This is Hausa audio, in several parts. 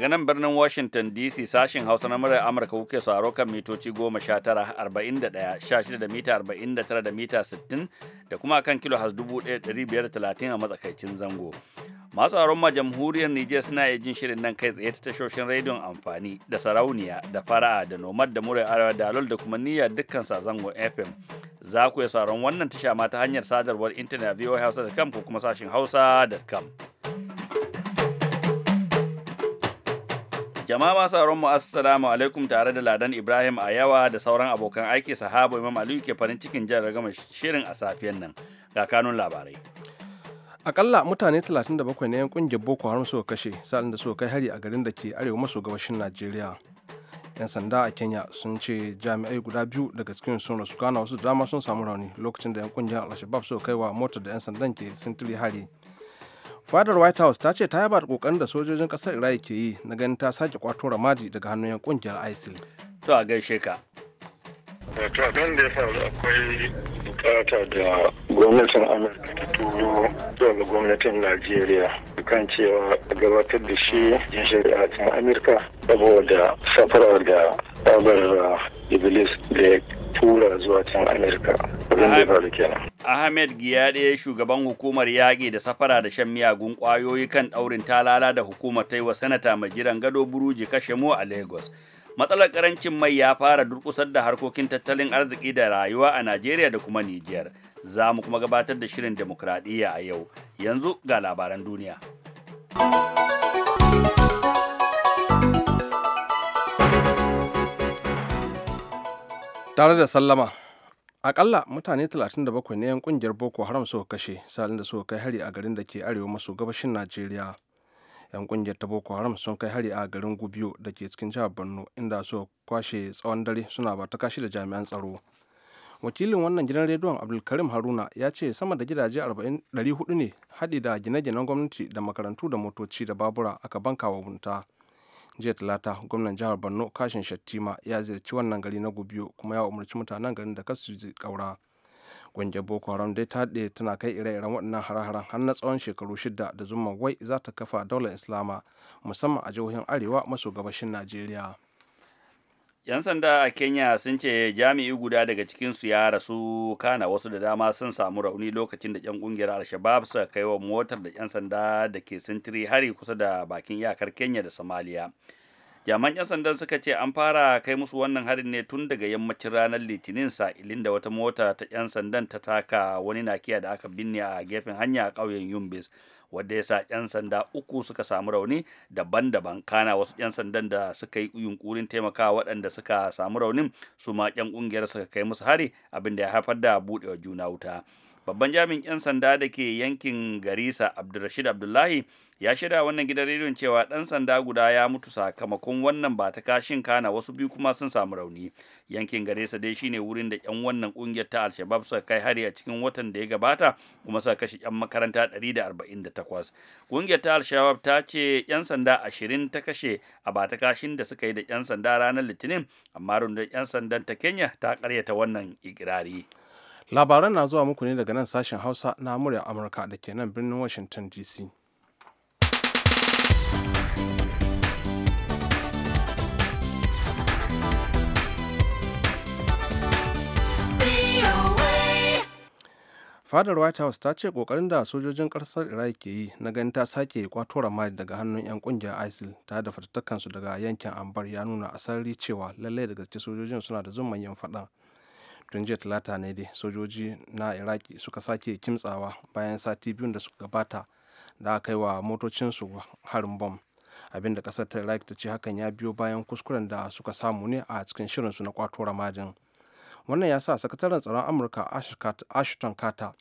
Daga nan birnin Washington DC sashin Hausa na murar Amurka kuke sauraro kan mitoci 19, 41, da mita 49 da mita 60 da kuma kan kilo has 1530 a matsakaicin zango. Masu sauraron ma jamhuriyar Nijar suna iya jin shirin nan kai tsaye ta tashoshin rediyon amfani da sarauniya da fara'a da nomad da murar arewa da alol da kuma niyyar dukkan zango FM. Za ku iya sauraron wannan tasha ma ta hanyar sadarwar intanet voahausa.com ko kuma sashin hausa.com. Jama'a masu sauran mu assalamu alaikum tare da Ladan Ibrahim a yawa da sauran abokan aiki sahabo Imam Aliyu ke farin cikin jan ragama shirin a safiyan nan ga kanun labarai. Akalla mutane 37 na yan kungiyar Boko Haram suka kashe sa'in da suka kai hari a garin da ke arewa maso gabashin Najeriya. 'Yan sanda a Kenya sun ce jami'ai guda biyu daga cikin sun rasu kana wasu dama sun samu rauni lokacin da 'yan kungiyar al shabab suka kai wa motar da 'yan sandan ke sintiri hari. fadar white house ta ce ta yaba kokarin da sojojin kasar iraq ke yi na ganin ta sake kwato ramadi daga hannun kungiyar isil to a gaishe ka wato eh, abin da ya faru akwai bukata da gwamnatin amurka ta turo zuwa ga gwamnatin najeriya kan cewa a gabatar da shi jin shari'a cikin amurka saboda safara da tsabar eh, iblis da ya tura zuwa can amurka abin da ya faru kenan Ahmed Giyade shugaban hukumar yaƙi da safara da shan miyagun ƙwayoyi kan ɗaurin talala da hukumar ta yi wa sanata mai jiran gado buruji kashe mu a Lagos. Matsalar karancin mai ya fara durƙusar da harkokin tattalin arziki da rayuwa a Najeriya da kuma Nijiyar. Za mu kuma gabatar da shirin demokradiyya a yau. Yanzu ga labaran duniya. Tare da sallama, akalla mutane 37 ne 'yan kungiyar boko haram suka kashe salin da suka kai hari a garin da ke arewa maso gabashin najeriya 'yan kungiyar ta boko haram sun kai hari a garin gubiyo da ke cikin jihar borno inda suka kwashe tsawon dare suna ba ta kashi da jami'an tsaro wakilin wannan gidan rediyon abdulkarim haruna ya ce sama da gidaje 400 ne haɗi da gine-ginen gwamnati da makarantu da motoci da babura aka banka wa wunta jiya talata gwamnan jihar borno kashin shattima ya ziyarci wannan gari na gubiyo kuma ya umarci mutanen garin da kasu ji kaura gwangiyar boko haram dai ta daɗe tana kai ire-iren waɗannan hare-haren har na tsawon shekaru shida da zuma wai za ta kafa daular islama musamman a jihohin arewa maso gabashin najeriya 'Yan sanda a Kenya sun ce jami'i guda daga cikinsu ya rasu kana wasu da dama sun samu rauni lokacin da 'yan kungiyar Alshabab shabaab suka kai wa motar da 'yan sanda da ke sintiri hari kusa da bakin iyakar Kenya da Somalia. Jaman 'yan sandan suka ce an fara kai musu wannan harin ne tun daga yammacin ranar Litinin sa'ilin da wata mota ta 'yan sandan ta taka wani nakiya da aka binne a gefen hanya a ƙauyen Yumbis. wadda ya sa 'yan sanda uku suka samu rauni daban-daban kana wasu 'yan sandan da suka yi yunkurin taimakawa waɗanda suka samu raunin su ma 'yan ƙungiyar suka kai musu hari abinda ya haifar da buɗewa juna wuta babban jami'in 'yan sanda da ke yankin garisa abdulrashid abdullahi ya shaida wannan gidan rediyon cewa dan sanda guda ya mutu sakamakon wannan ba ta kashin kana wasu biyu kuma sun samu rauni yankin garesa dai shine wurin da 'yan wannan kungiyar ta alshabab suka kai hari a cikin watan da ya gabata kuma suka kashe 'yan makaranta 148 kungiyar ta alshabab ta ce 'yan sanda 20 ta kashe a ba ta kashin da suka yi da 'yan sanda ranar litinin amma rundunar 'yan sandan ta kenya ta karyata wannan ikirari labaran na zuwa muku ne daga nan sashen hausa na murya amurka da ke nan birnin washington dc fadar white house ta ce kokarin da sojojin ƙasar iraq ke yi na ganin ta sake kwato ramadi daga hannun 'yan kungiyar isil ta da fatattakansu daga yankin ambar ya nuna asali cewa lallai da gaske sojojin suna da zumman yin faɗan. don jiya talata ne dai sojoji na iraki suka sake kimtsawa bayan sati biyun da suka gabata da aka yi wa motocinsu harin bom abinda kasar ta iraki ta ce hakan ya biyo bayan kuskuren da suka samu ne a cikin shirinsu na kwato ramadin wannan ya sa sakataren tsaron amurka ashton kata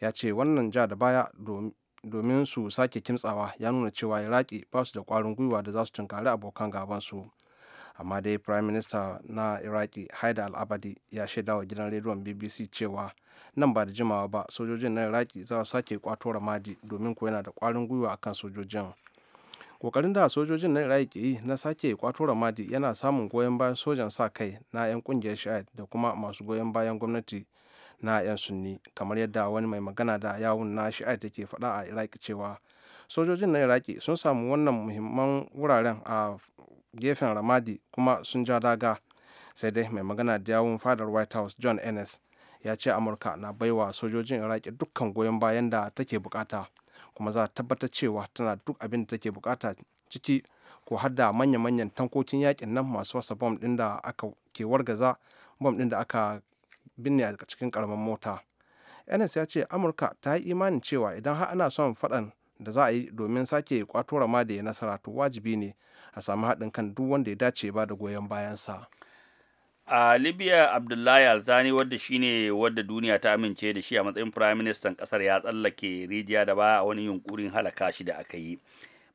ya ce wannan ja da baya domin su sake kimtsawa ya nuna cewa iraki ba su da kwarin gwiwa da za su tunkari abokan gabansu amma dai prime minister na iraki haida al'abadi ya shaida wa gidan rediyon bbc cewa nan ba da jimawa ba sojojin na iraki za su sake kwato ramadi domin ko yana da kwarin gwiwa akan sojojin kokarin da sojojin na iraki ke yi na sake kwato ramadi yana samun goyon bayan sojan sa kai na 'yan kungiyar shahid da kuma masu goyon bayan gwamnati na 'yan sunni kamar yadda wani mai magana da yawun na shi'ad take faɗa a iraki cewa sojojin na iraki sun samu wannan muhimman wuraren a gefen ramadi kuma sun ja daga sai dai mai magana da yawon fadar white house john ennis ya ce amurka na baiwa sojojin iraki dukkan goyon bayan da take bukata kuma za tabbatar cewa tana duk abin da take bukata ciki ko har da manya-manyan tankokin yakin nan masu wasa bom din da aka ke wargaza bom din da aka binne a cikin karamin mota ns ya ce amurka ta yi imanin cewa idan har ana son faɗan da za a yi domin sake kwato rama da ya nasara to wajibi ne a samu haɗin kan duk wanda ya dace ba da goyon bayansa. a libya abdullahi alzani wadda shine wadda duniya ta amince da shi a matsayin firaministan kasar ya tsallake rijiya da ba a wani yunkurin halaka shi da aka yi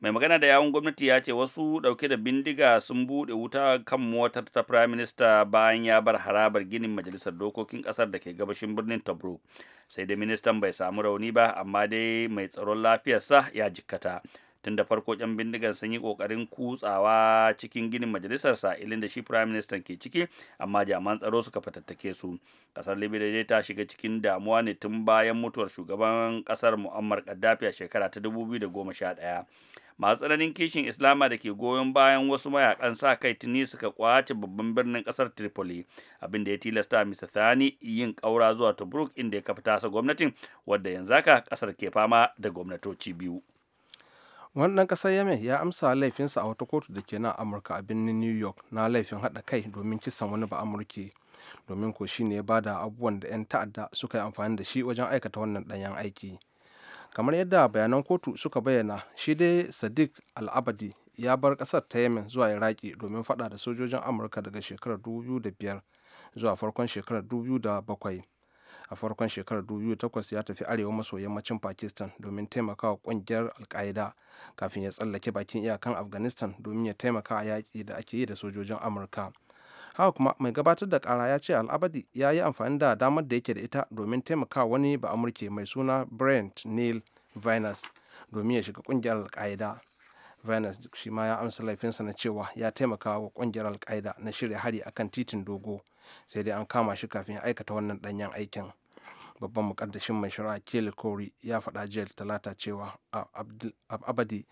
mai magana da yawun gwamnati ya ce wasu dauke da bindiga sun bude wuta kan motar ta prime minister bayan ya bar harabar ginin majalisar dokokin kasar da ke gabashin birnin tobruk sai dai ministan bai samu rauni ba amma dai mai tsaron lafiyarsa ya jikkata tun da farko yan bindigar sun yi kokarin kutsawa cikin ginin majalisar ilin da shi prime minister ke ciki amma jami'an tsaro suka fatattake su kasar libya dai ta shiga cikin damuwa ne tun bayan mutuwar shugaban kasar muammar gaddafi a shekara ta 2011 masu tsananin kishin islama da ke goyon bayan wasu mayakan sa kai tuni suka kwace babban birnin kasar tripoli abinda ya tilasta mr thani yin kaura zuwa tobruk inda ya kafa tasa gwamnatin wadda yanzu haka kasar ke fama da gwamnatoci biyu wannan kasar yemen ya amsa laifinsa a wata kotu da ke nan amurka a birnin new york na laifin hada kai domin kisan wani ba amurki domin ko shine ya bada abubuwan da 'yan ta'adda suka yi amfani da shi wajen aikata wannan ɗanyen aiki kamar yadda bayanan kotu suka bayyana shi dai sadiq al'abadi ya bar kasar ta yemen zuwa iraki domin fada da sojojin amurka daga shekarar 2005 zuwa farkon shekarar 2007 a farkon shekarar 2008 ya tafi arewa maso yammacin pakistan domin taimakawa kungiyar alkaida kafin ya tsallake bakin iyakan afghanistan domin ya taimaka a yaƙi da ake yi da sojojin amurka haka kuma mai gabatar da kara ya ce al'abadi ya yi amfani da damar da yake da ita domin taimaka wani ba amurke mai suna brent neil venus domin ya shiga kungiyar al'kaida venus shi ma ya amsa laifinsa na cewa ya taimaka wa kungiyar al'kaida na shirya hari akan titin dogo sai dai an kama shi kafin ya aikata wannan danyen aikin babban mukaddashin mai shari'a kelly kori ya faɗa jiya talata cewa abadi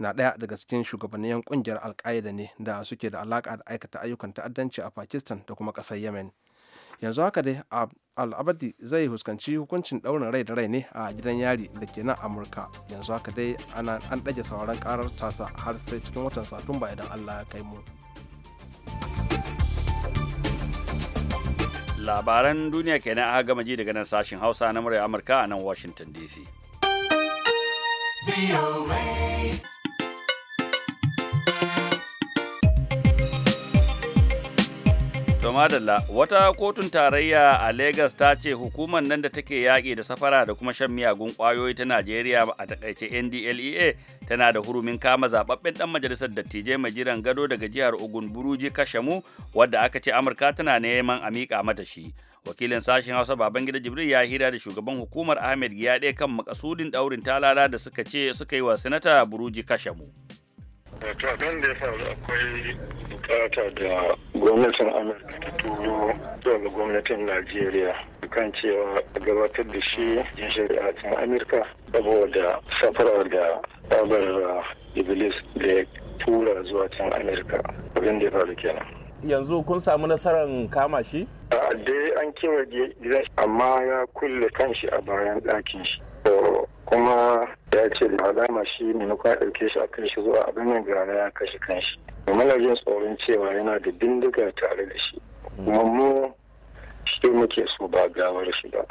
na ɗaya daga cikin shugabannin kungiyar alka'ida ne da suke da alaƙa da aikata ayyukan ta'addanci a pakistan da kuma ƙasar yemen yanzu haka dai al'abadi zai huskanci hukuncin ɗaurin rai da rai ne a gidan yari da ke nan amurka yanzu haka dai an ɗage sauran karar tasa har sai cikin watan satumba idan allah ya kai mu labaran duniya kenan aka gama ji daga nan sashen hausa na murya amurka a nan washington dc To madalla wata kotun tarayya a lagos ta ce hukumar nan da take yaƙi da safara da kuma shan miyagun ƙwayoyi ta Najeriya a takaice NDLEA tana da hurumin kama zababben dan majalisar dattijai mai jiran gado daga jihar Ogun Buruji Kashamu wadda aka ce Amurka tana neman a mika mata shi. Wakilin sashen Hausa baban gida Jibril ya hira da shugaban hukumar Ahmed Giyade kan makasudin ɗaurin talala da suka ce suka yi wa Sanata Buruji Kashamu. wato abin da ya faru akwai bukata da gwamnatin amurka ta turo daga gwamnatin najeriya kan cewa gabatar da shi jin shari'a cikin amurka saboda safarar da tsabar uh, iblis da ya tura zuwa can amurka abin da ya faru kenan yanzu kun samu nasarar kama shi? A'a uh, dai an kewaye gidan amma ya kulle kanshi a bayan ɗakin shi kuma ya ce da alama shi ne ya ɗauke shi a kan shi zuwa abin yin gara ya kashe kan kanshi muna jin tsoron cewa yana da bindiga tare da shi kuma mu shi muke so ba gawar shi ba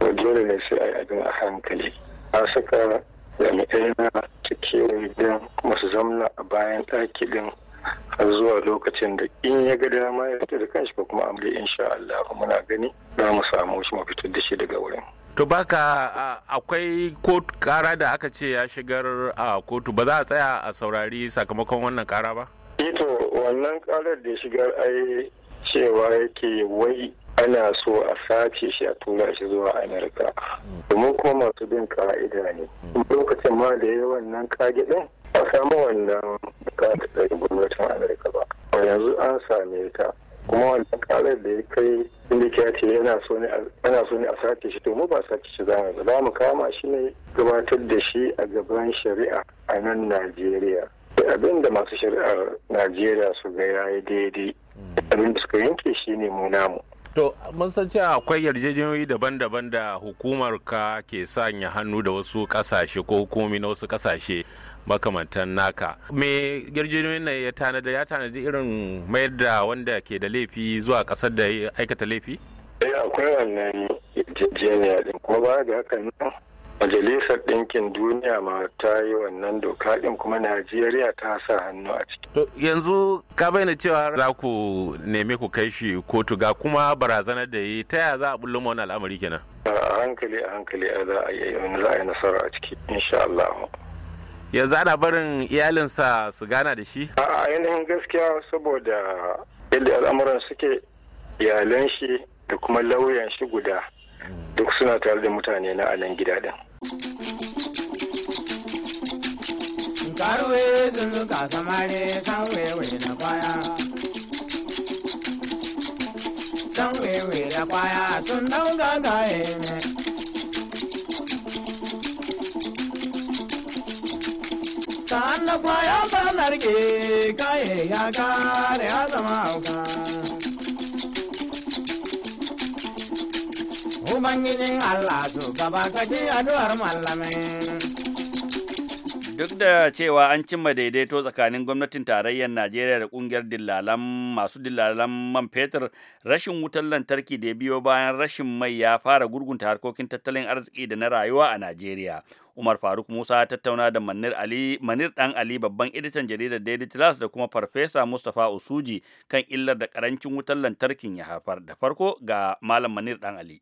to dole ne sai a yi abin a hankali a saka jami'ai na cikin gidan kuma su zamna a bayan ɗaki din har zuwa lokacin da in ya ga dama ya fita da kanshi ko kuma amri insha Allah muna gani za mu samu shi mu fitar da shi daga wurin. to baka akwai kara da aka ce ya shigar a kotu ba za a tsaya a saurari sakamakon wannan kara ba ito eh wannan karar da shigar ai cewa yake wai ana so a sace shi a tura shi zuwa amurka domin kuma masu bin ka'ida ne lokacin ma da yawan wannan kagidin a samu wannan bukatar gwamnatin amurka ba yanzu an same ta kuma wannan karar da ya kai indiki ya ce yana so ne a sace shi to mu ba sake shi za mu za mu kama shi ne gabatar da shi a gaban shari'a a nan najeriya abin da masu shari'ar najeriya su ga ya yi daidai abin da suka yanke shi ne mu namu To, mun san cewa akwai yarjejeniyoyi daban-daban da hukumar ka ke sanya hannu da wasu kasashe ko hukumi na wasu kasashe makamantan naka me yarjejeniyar ya tanada ya tanadi irin mayar da wanda ke da laifi zuwa kasar da ya aikata laifi eh akwai wannan yarjejeniya din ko ba da haka nan majalisar ɗinkin duniya ma ta yi wannan doka ɗin kuma najeriya ta sa hannu a ciki. yanzu ka bayyana cewa za ku nemi ku kai shi kotu ga kuma barazanar da yi ta yaya za a bullo wani al'amari kenan. a hankali a hankali a za a yi nasara a ciki insha Allah. yanzu ana barin iyalinsa su gana da shi a ainihin gaskiya saboda yadda al'amuran suke iyalan shi da kuma lauyan shi guda duk suna tare da mutane na anan gida din karuwe zulu ka da kwaya sun dauga ne wanda kwa ya sanarke kaye ya kare ya zama hauka. Ubangijin Allah su gaba kaji addu'ar mallamin. Duk da cewa an cimma daidaito tsakanin gwamnatin tarayyar Najeriya da kungiyar dillalan masu dillalan man fetur, rashin wutar lantarki da biyo bayan rashin mai ya fara gurgunta harkokin tattalin arziki da na rayuwa a Najeriya. Umar Faruk Musa ya tattauna da Manir Ali Manir Dan Ali babban editan jaridar Daily Trust da kuma Farfesa Mustapha Usuji kan illar da karancin wutar lantarkin ya haifar. Da farko ga Malam Manir Dan Ali.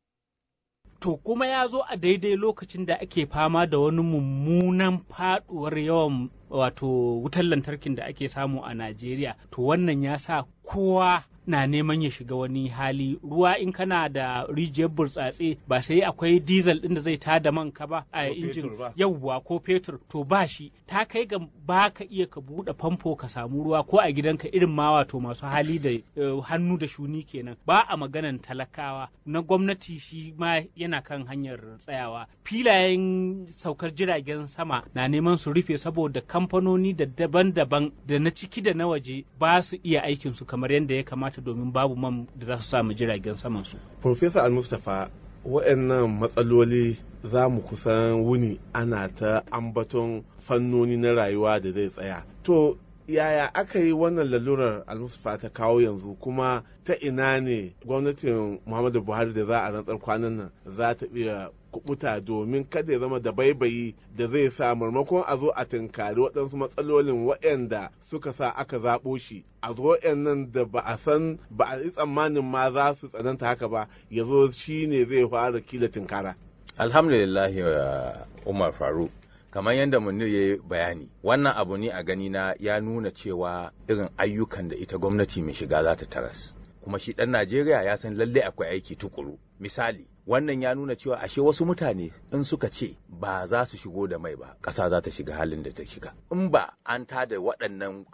to kuma ya zo a daidai lokacin da ake fama da wani mummunan faɗuwar yawan wato wutar lantarkin da ake samu a Najeriya to wannan ya sa kowa na neman ya shiga wani hali ruwa in kana da rijiyar burtsatse ba sai akwai diesel din da zai tada man ka ba a injin yawwa ko fetur to ba shi ta kai ga ba ka iya ka buɗe famfo ka samu ruwa ko a gidanka irin ma wato masu hali da eh, hannu da shuni kenan ba a maganan talakawa na gwamnati shi ma yana kan hanyar tsayawa filayen saukar jiragen sama na neman su rufe saboda kamfanoni da daban-daban da na ciki da na waje ba su iya aikinsu kamar yadda ya kamata domin babu man da za su samu jiragen saman su. Profesa Al-Mustapha waɗannan matsaloli za mu kusan wuni ana ta ambaton fannoni na rayuwa da zai tsaya. To yaya aka yi wannan lalurar Mustapha ta kawo yanzu kuma ta ina ne gwamnatin muhammadu buhari da za a rantsar kwanan nan za ta iya kubuta domin kada ya zama da baibayi da zai sa maimakon a zo a tunkari waɗansu matsalolin waɗanda suka sa aka zaɓo shi a zo nan da ba a san ba a yi tsammanin ma za su tsananta haka ba ya zo shi ne zai fara kila tunkara. alhamdulillah uh, umar faru kamar yadda munir ya bayani wannan abu ne a gani na ya nuna cewa irin ayyukan da ita gwamnati mai shiga za ta taras kuma shi ɗan najeriya ya san lallai akwai aiki tukuru misali wannan ya nuna cewa ashe wasu mutane in suka ce ba za su shigo da mai ba ƙasa za ta shiga halin da ta shiga in ba an tada waɗannan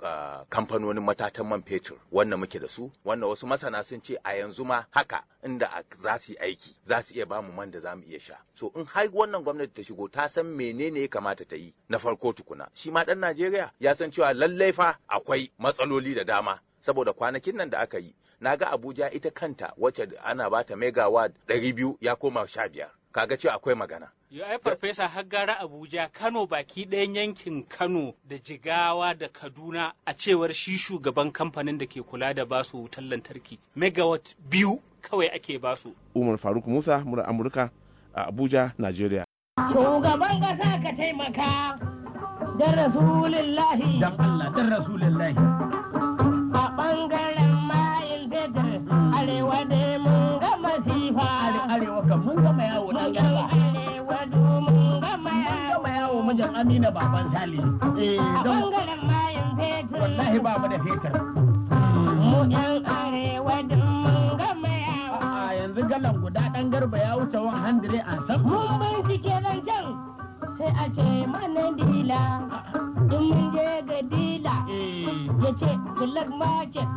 kamfanonin matatan man fetur wannan muke da su wannan wasu masana sun ce a yanzu ma haka inda za su yi aiki za su iya bamu man da za mu iya sha so in har wannan gwamnati ta shigo ta san menene ya kamata ta yi na farko tukuna shi ma ɗan Najeriya ya san cewa lallai fa akwai matsaloli da dama saboda kwanakin nan da aka yi na ga abuja ita kanta wacce ana ba ta megawatt 200 ya koma 15 kaga cewa akwai magana Yo, ai farfesa har gara Abuja, Kano baki ɗayan yankin Kano da Jigawa da Kaduna a cewar shi shugaban kamfanin da ke kula da basu wutar lantarki. Megawatt biyu kawai ake basu. Umar Faruk Musa, mura Amurka a Abuja, nigeria Shugaban ƙasa ka taimaka, dan Rasulillahi. Dan Allah, dan Rasulillahi. arewa ne mun ga masifa arewa kan mun ga mayawo dan gaba arewa du mun ga mayawo mayawo mun jan amina baban sali eh don bangaren mayin fetur wallahi ba mu da fetur mu yan arewa du mun ga mayawo a yanzu galan guda dan garba ya wuce 100 an san mun bincike nan jan sai a ce mana dila in je ga dila eh. ya ce black market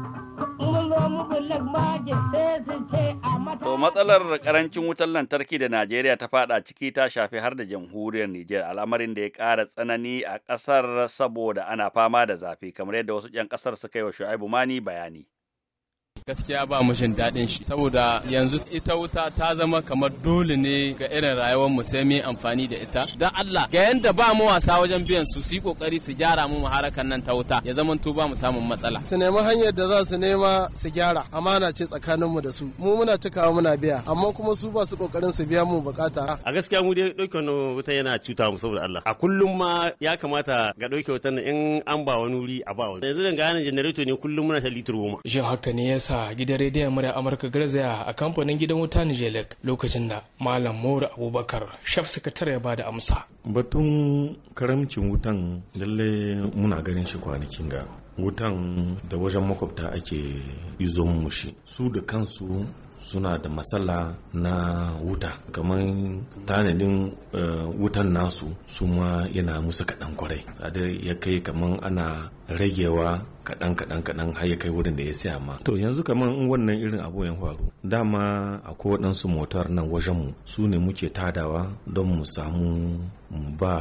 mun zo black market sai su ce a mata to matsalar karancin wutar lantarki da Najeriya ta fada ciki ta shafi har da jamhuriyar Nijar al'amarin da ya ƙara tsanani a ƙasar saboda ana fama da zafi kamar yadda wasu 'yan ƙasar suka yi wa Shu'aibu Mani bayani gaskiya ba mu jin daɗin shi saboda yanzu ita wuta ta zama kamar dole ne ga irin rayuwar mu sai mu amfani da ita dan Allah ga yanda ba mu wasa wajen biyan su su yi kokari su gyara mu harakan nan ta wuta ya zama to ba mu samun matsala su nemi hanyar da za su nema su gyara amana ce tsakanin mu da su mu muna cikawa muna biya amma kuma su ba su kokarin su biya mu bukata a gaskiya mu dai wannan wuta yana cuta mu saboda Allah a kullum ma ya kamata ga dauke wutan in an ba wani wuri a ba wani yanzu dan ga yanar janareto ne kullum muna ta litir goma shin haka ne yasa sa gidan rediyon murya Amurka garzaya a kamfanin gidan wuta Nijelek lokacin da Malam Mora Abubakar shaf sakatare ya bada amsa. Batun karamcin wutan lalle muna ganin shi kwanakin ga wutan da wajen makwabta ake izo mushi su da kansu suna da matsala na wuta kamar tanadin eh, wutan nasu su ma yana musu kaɗan kwarai sadar ya kai kamar ana ragewa kaɗan kaɗan kaɗan har ya kai wurin da ya siya ma to yanzu kamar in wannan irin abu ya faru dama akwai waɗansu motar nan wajenmu su ne muke tadawa don mu samu ba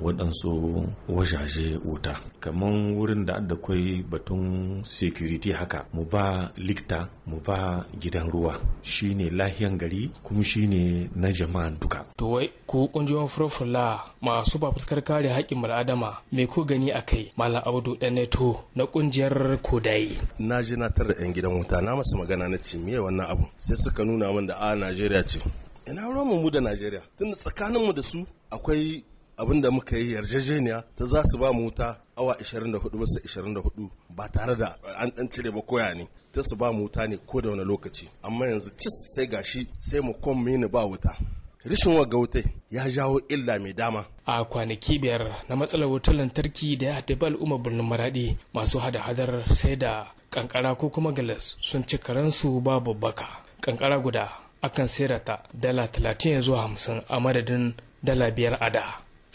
waɗansu wajaje wuta kamar wurin da da kwai batun security haka mu ba likta mu ba gidan ruwa shine lahiyan gari kuma shine na jama'an duka to wai ku kungiyoyin furfula masu ba fuskar kare haƙƙin bal'adama me ko gani a kai mala audu daneto na kungiyar kodai na ji na tara yan gidan wuta na masu magana na ce me wannan abu sai suka nuna min da a najeriya ce ina ruwan mu da najeriya tunda tsakaninmu da su akwai abin da muka yi yarjejeniya ta za su ba mu wuta awa 24 bisa 24 ba tare da an dan cire ba koya ne ta su ba mu wuta ne ko da wani lokaci amma yanzu cis sai gashi sai mu kon mini ba wuta rishin ga wutai ya jawo illa mai dama a kwanaki biyar na matsalar wutar lantarki da ya ba al'ummar birnin maraɗi masu hada-hadar sai da kankara ko kuma galas sun ci karansu ba babbaka kankara guda akan sayar ta dala 30 ya zuwa hamsin a madadin dala biyar a da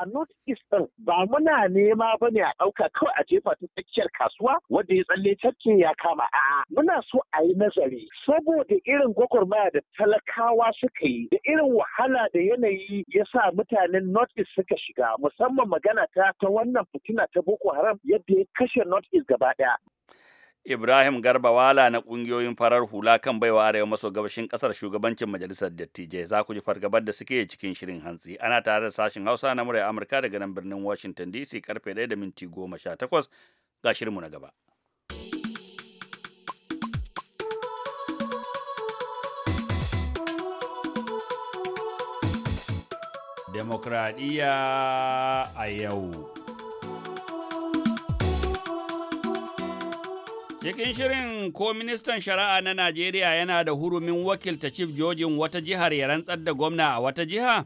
a north east din ba muna nema ba ne a ɗauka kawai a jefa ta tsakiyar kasuwa wanda ya tsalle tacce ya kama a'a muna so a yi nazari saboda irin gwagwarmaya da talakawa suka yi da irin wahala da yanayi ya sa mutanen north east suka shiga musamman magana ta ta wannan fitina ta boko haram yadda ya kashe north east gaba ɗaya Ibrahim Garbawala na ƙungiyoyin farar hula kan baiwa arewa maso gabashin ƙasar shugabancin majalisar dattijai za ku ji fargabar da suke cikin shirin hantsi ana tare da sashen Hausa na murai Amurka daga nan birnin Washington DC karfe 1 da minti 18 ga shirinmu na gaba. Demokradiyya a yau. Cikin shirin ko ministan shari'a na Najeriya yana da hurumin wakilta Chief Jojin wata jihar ya rantsar da gwamna a wata jiha?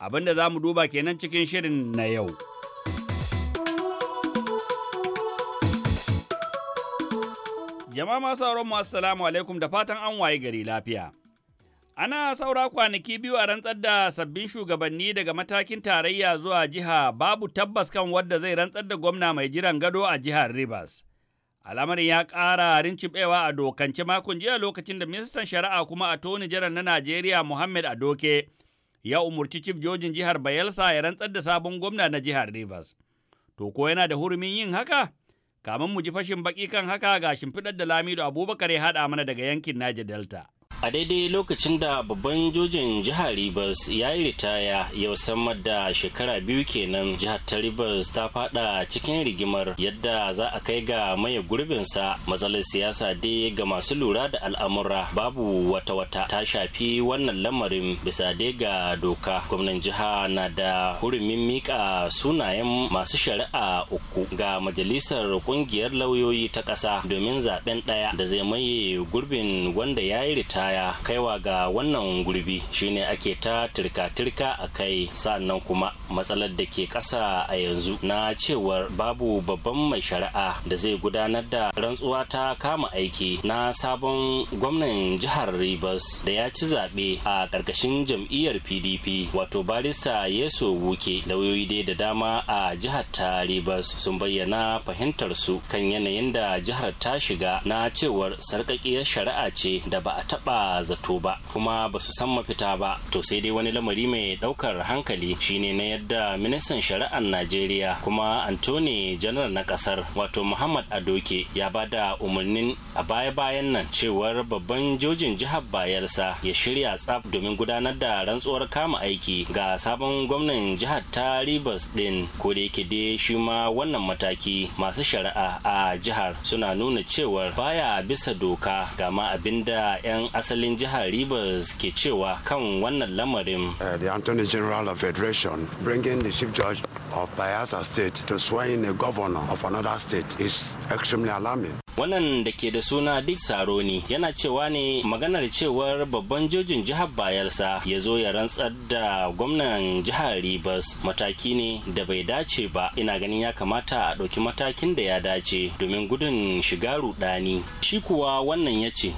Abinda za mu duba kenan cikin shirin na yau. Jama'a masu sauran mu assalamu alaikum da fatan an waye gari lafiya. Ana saura kwanaki biyu a rantsar da sabbin shugabanni daga matakin tarayya zuwa jiha babu tabbas kan wadda zai rantsar da gwamna mai jiran gado a jihar Rivers. Al'amarin ya ƙara rincibewa a dokance makon jiya lokacin da ministan shari'a kuma a toni jiran na Najeriya Muhammad Adoke ya umurci Chief Jojin jihar Bayelsa ya rantsar da sabon gwamna na jihar Rivers. To ko yana da hurumin yin haka? Kamin mu ji fashin baki kan haka ga shimfiɗar da Lamido Abubakar ya haɗa mana daga yankin Niger Delta. a daidai lokacin da babban jojin jihar rivers ya yi ritaya yau samar da shekara biyu kenan jihar ta rivers ta fada cikin rigimar yadda za a kai ga maye gurbinsa matsalar siyasa dai ga masu lura da al'amura babu wata wata ta shafi wannan lamarin bisa dai ga doka gwamnan jiha na da hurumin mika sunayen masu shari'a uku ga majalisar kungiyar lauyoyi ta ƙasa domin zaben ɗaya da zai maye gurbin wanda ya yi ritaya ritaya kaiwa ga wannan gurbi shine ake ta tirka-tirka a kai sannan kuma matsalar da ke ƙasa a yanzu na cewar babu babban mai shari'a da zai gudanar da rantsuwa ta kama aiki na sabon gwamnan jihar Rivers da ya ci zaɓe a ƙarƙashin jam'iyyar PDP wato barista Yeso Wuke lauyoyi dai da dama a jihar ta Rivers sun bayyana fahimtar su kan yanayin da jihar ta shiga na cewar sarƙaƙiyar shari'a ce da ba a taɓa taba zato ba kuma ba su san mafita ba to sai dai wani lamari mai daukar hankali shine na yadda ministan shari'ar najeriya kuma antony janar na kasar wato muhammad adoke ya ba da umarnin a baya-bayan nan cewar babban jojin jihar bayelsa ya shirya tsaf domin gudanar da rantsuwar kama aiki ga sabon gwamnan jihar ta rivers din ko da yake dai shi ma wannan mataki masu shari'a a jihar suna nuna cewar baya bisa doka ga ma abinda 'yan asalin jihar Rivers ke cewa kan wannan lamarin. Uh, the Attorney General of Federation bringing the Chief Judge of Bayelsa State to swear in a governor of another state is extremely alarming. wannan da ke da suna duk saroni yana cewa ne maganar cewar babban jojin jihar bayelsa ya zo ya rantsar da gwamnan jihar rivers mataki ne da bai dace ba ina ganin ya kamata a ɗauki matakin da ya dace domin gudun shiga rudani shi kuwa wannan ya ce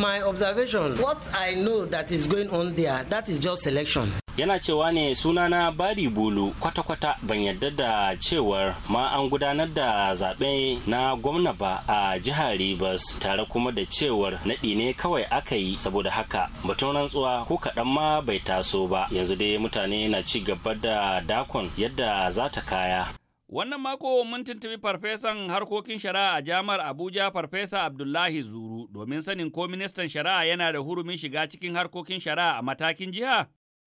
My observation, what I know that is going on there, that is just selection. yana cewa ne sunana bari bulu kwata-kwata ban yarda da cewar ma an gudanar da zaɓe na gwamna ba a jihar ribas tare kuma da cewar naɗi ne kawai aka yi saboda haka batun rantsuwa ko kaɗan ma bai taso ba yanzu dai mutane na ci gaba da dakon yadda za ta kaya Wannan mako mun tuntubi farfesan harkokin shari'a a jami'ar Abuja farfesa Abdullahi Zuru domin sanin ko ministan shari'a yana da hurumin shiga cikin harkokin shari'a a matakin jiha?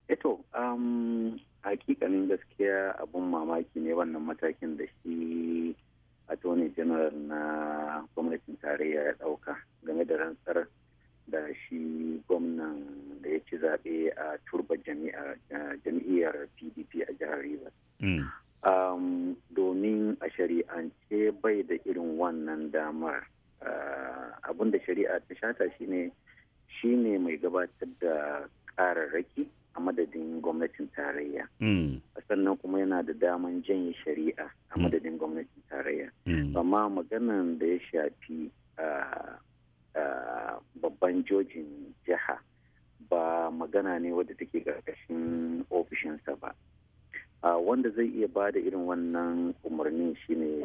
Eto, eh um, hakikanin gaskiya abun mamaki ne wannan matakin da shi attorney general na gwamnatin tarayya ya dauka game da rantsar da shi gwamnan da ya ci zaɓe a turba jami'ar pdp a jihar rivers mm. um, domin a shari'ance bai da irin wannan damar uh, abin da shari'a ta shata shine shine mai gabatar da kararraki a madadin gwamnatin tarayya mm. sannan kuma yana da daman janye shari'a a mm. madadin gwamnatin tarayya mm. amma maganan da ya shafi babban jojin jiha ba magana ne wadda take ƙarƙashin ofishinsa ba wanda zai iya ba da irin wannan umarnin shine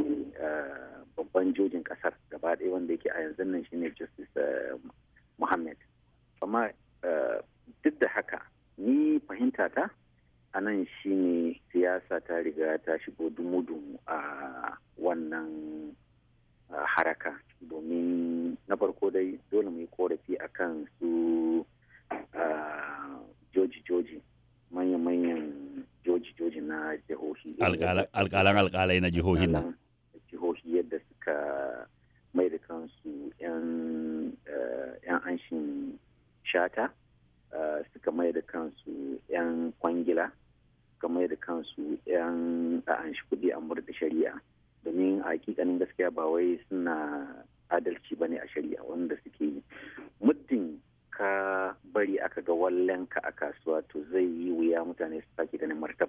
babban jojin kasar gaba ɗaya wanda yake a yanzu nan shine justice muhammad amma duk da haka ni fahimta ta a nan shine siyasa ta riga ta shigo dumu-dumu a wannan haraka domin na farko dai dole mu yi korafi kan su joji-joji manya-manyan joji joji na jihohi alƙalan alƙalai na jihohi na. jihohi yadda suka mai da kansu 'yan eh, anshin shata eh, suka mai da kansu 'yan kwangila suka mai da kansu 'yan anshi kuɗi a murda shari'a domin a hakikanin gaskiya ba wai suna adalci ba ne a shari'a wanda suke yi ga ka a kasuwa to zai yi wuya mutane su sake ganin ka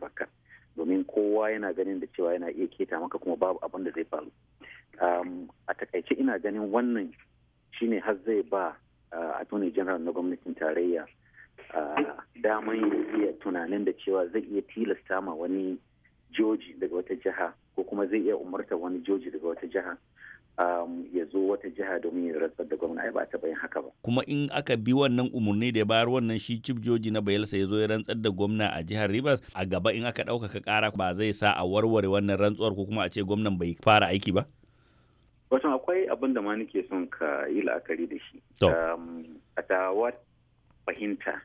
domin kowa yana ganin da cewa yana iya keta maka kuma babu abin da zai faru a takaice ina ganin wannan shine har zai ba a attorney general na gwamnatin tarayya daman ya iya tunanin da cewa zai iya tilasta ma wani joji daga wata jiha ko kuma zai iya umarta wani joji daga wata jiha Um, ya zo wata jiha domin ya rantsar da gwamna ai ba ta bayan haka ba kuma in aka bi wannan umarni da ya bayar wannan shi chief joji na bayelsa ya zo ya rantsar da gwamna a jihar rivers a gaba in aka ɗaukaka ƙara ba zai sa a warware wannan rantsuwar ko kuma a ce gwamnan bai fara aiki ba watan akwai abin da ma nake son ka yi la'akari da shi um, a tawar fahimta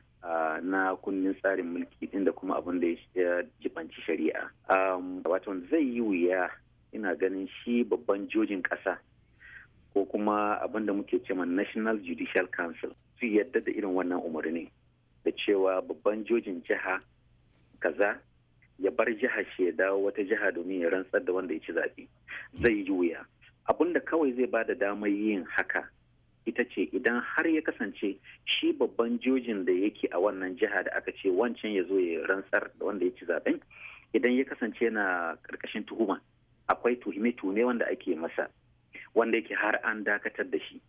na kundin tsarin mulki din da kuma abin da ya jibanci shari'a um, wato zai yi wuya ina ganin shi babban jojin ƙasa ko kuma abin da muke cewa national judicial council su yadda da irin wannan umarni da cewa babban jojin jiha kaza ya bar jiha shi ya dawo wata jiha domin ya rantsar da wanda ya ci zaɓe zai yi wuya abin da kawai zai ba da damar yin haka ita ce idan har ya kasance shi babban jojin da yake a wannan jiha da aka ce wancan ya zo ya rantsar da wanda ya ci zaɓen idan ya kasance yana ƙarƙashin tuhuma akwai tuhume-tuhume wanda ake masa wanda yake har an dakatar da shi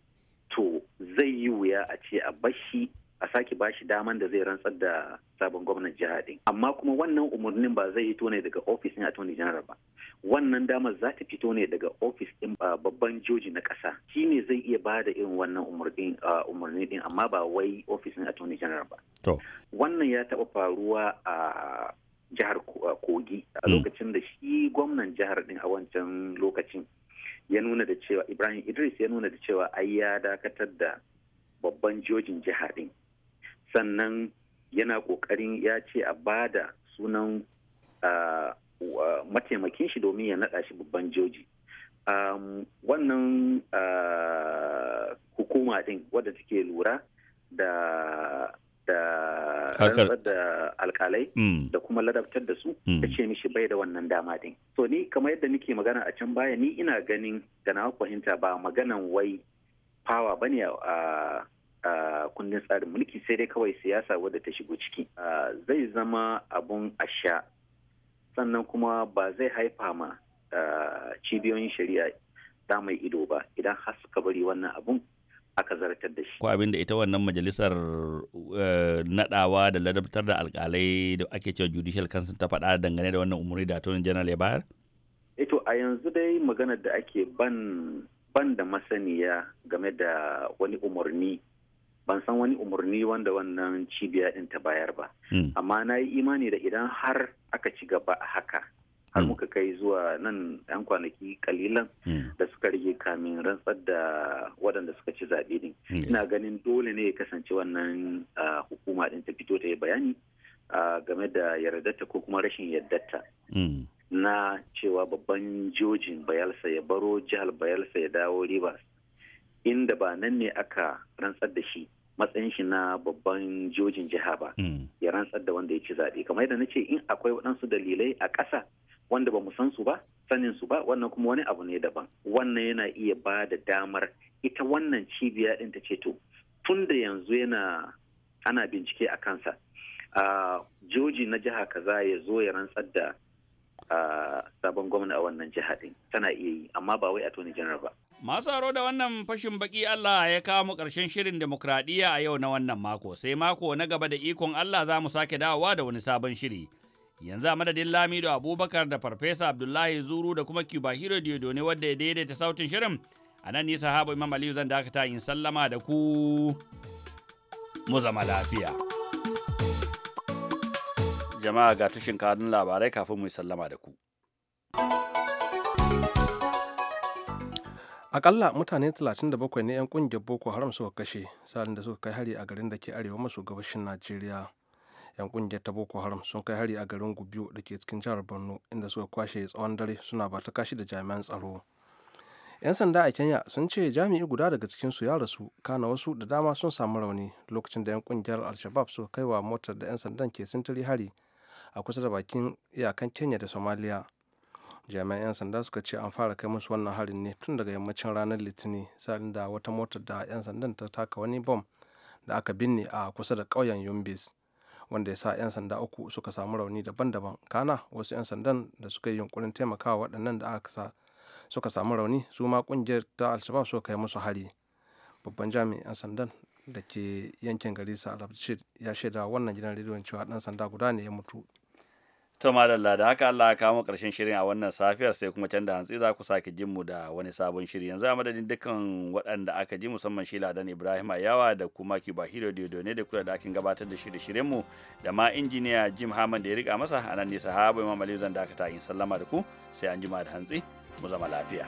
to zai yi wuya a ce a bashi a sake bashi daman da zai rantsar da sabon gwamnan jiha din amma kuma wannan umarnin ba zai fito ne daga ofis ɗin attorney general ba wannan damar za ta fito ne daga ofis ɗin ah, babban joji na ƙasa shi ne zai iya ba da irin wannan ah, umarni din amma ba wai ofis ɗin attorney general ba wannan ya taɓa faruwa a jihar uh, kogi a mm. lokacin da shi gwamnan jihar din a wancan lokacin ya nuna da cewa ibrahim idris ya nuna da cewa ai ya dakatar da babban jojin jiha din sannan yana kokarin ya ce a bada sunan uh, mataimakin shi domin ya naɗa shi babban joji um, wannan uh, hukuma din wadda take lura da da rantsar da alkalai mm. da kuma ladabtar da su Ta mm. ce mishi bai da wannan dama din to ni kamar yadda nake magana a can baya ni ina ganin da na fahimta ba maganan wai fawa bane a kundin tsarin mulki sai dai kawai siyasa wadda ta shigo ciki zai zama abun asha sannan kuma ba zai haifa ma cibiyoyin shari'a da mai ido ba idan har suka bari wannan abun aka zartar da shi. Ko abin da ita wannan majalisar eh, nadawa da ladabtar da alkalai da ake cewa judicial council ta faɗa dangane da wannan umuri da attorney general ya bayar? Eto eh a yanzu dai maganar da ake ban ban da masaniya game da wani umarni ban san wani umarni wanda wannan cibiya ɗin ta bayar ba. Hmm. Amma na yi imani da idan har aka ci gaba haka har mm. muka kai zuwa nan yan kwanaki kalilan mm. da suka rike kamin rantsar da waɗanda suka ci zaɓe din mm. ina ganin dole ne ya kasance wannan hukuma ɗin ta fito ta yi bayani game da yardarta ko kuma rashin yardarta na cewa babban jojin bayalsa ya baro jihar bayalsa ya dawo rivers inda ba nan ne aka rantsar da shi matsayin shi na babban jojin jiha ba ya rantsar da wanda ya ci zaɓe kamar yadda na ce in akwai waɗansu dalilai a ƙasa wanda ba mu san su ba sanin su ba wannan kuma wani abu ne daban wannan yana iya ba da damar ita wannan cibiya ɗin ta ce to tun da yanzu yana ana bincike a kansa a joji na jiha kaza ya zo ya rantsar da sabon gwamna a wannan jiha ɗin tana iya yi amma ba wai attorney general ba Masu haro da wannan fashin baki Allah ya kawo mu ƙarshen shirin demokradiyya a yau na wannan mako, sai mako na gaba da ikon Allah za mu sake dawowa da wani sabon shiri. yanzu a madadin lamido abubakar da farfesa abdullahi zuru da kuma cuba hero ne wadda ya daidaita sautin shirin a nan nisa habu imam aliyu zan dakata in sallama da ku mu zama lafiya jama'a ga tushen kanun labarai kafin mu sallama da ku akalla mutane 37 ne 'yan kungiyar boko haram suka kashe salin da suka kai hari a garin da ke arewa maso gabashin najeriya 'yan kungiyar ta boko haram sun kai hari a garin gubiyo da ke cikin jihar borno inda suka kwashe tsawon dare suna ba ta kashi da jami'an tsaro 'yan sanda a kenya sun ce jami'i guda daga cikinsu ya rasu kana wasu da dama sun samu rauni lokacin da 'yan kungiyar alshabab suka kai wa motar da 'yan sandan ke sintiri hari a kusa da bakin iyakan kenya da somalia jami'an 'yan sanda suka ce an fara kai musu wannan harin ne tun daga yammacin ranar litinin sa'in da wata motar da 'yan sandan ta taka wani bom da aka binne a kusa da ƙauyen yumbis wanda ya sa 'yan sanda uku suka samu rauni daban-daban kana wasu 'yan sandan da suka yi yunkurin taimakawa waɗannan da aka sa suka samu rauni su ma kungiyar ta alshabab suka kai musu hari babban jami'an sandan da ke yankin garissa alabdashir ya shaida wannan gidan rediyon cewa ɗan sanda guda ne ya mutu To madalla da haka Allah ya kawo karshen shirin a wannan safiyar sai kuma can da hantsi za ku sake jin mu da wani sabon shiri yanzu a madadin dukkan waɗanda aka ji musamman shi Ladan Ibrahim Ayawa da kuma Kiba Hiro ne da kula da akin gabatar da shirye-shiryen mu da ma injiniya Jim Hammond da ya rika masa anan ne sahaba Imam Ali zan dakata in sallama da ku sai an jima da hantsi mu zama lafiya.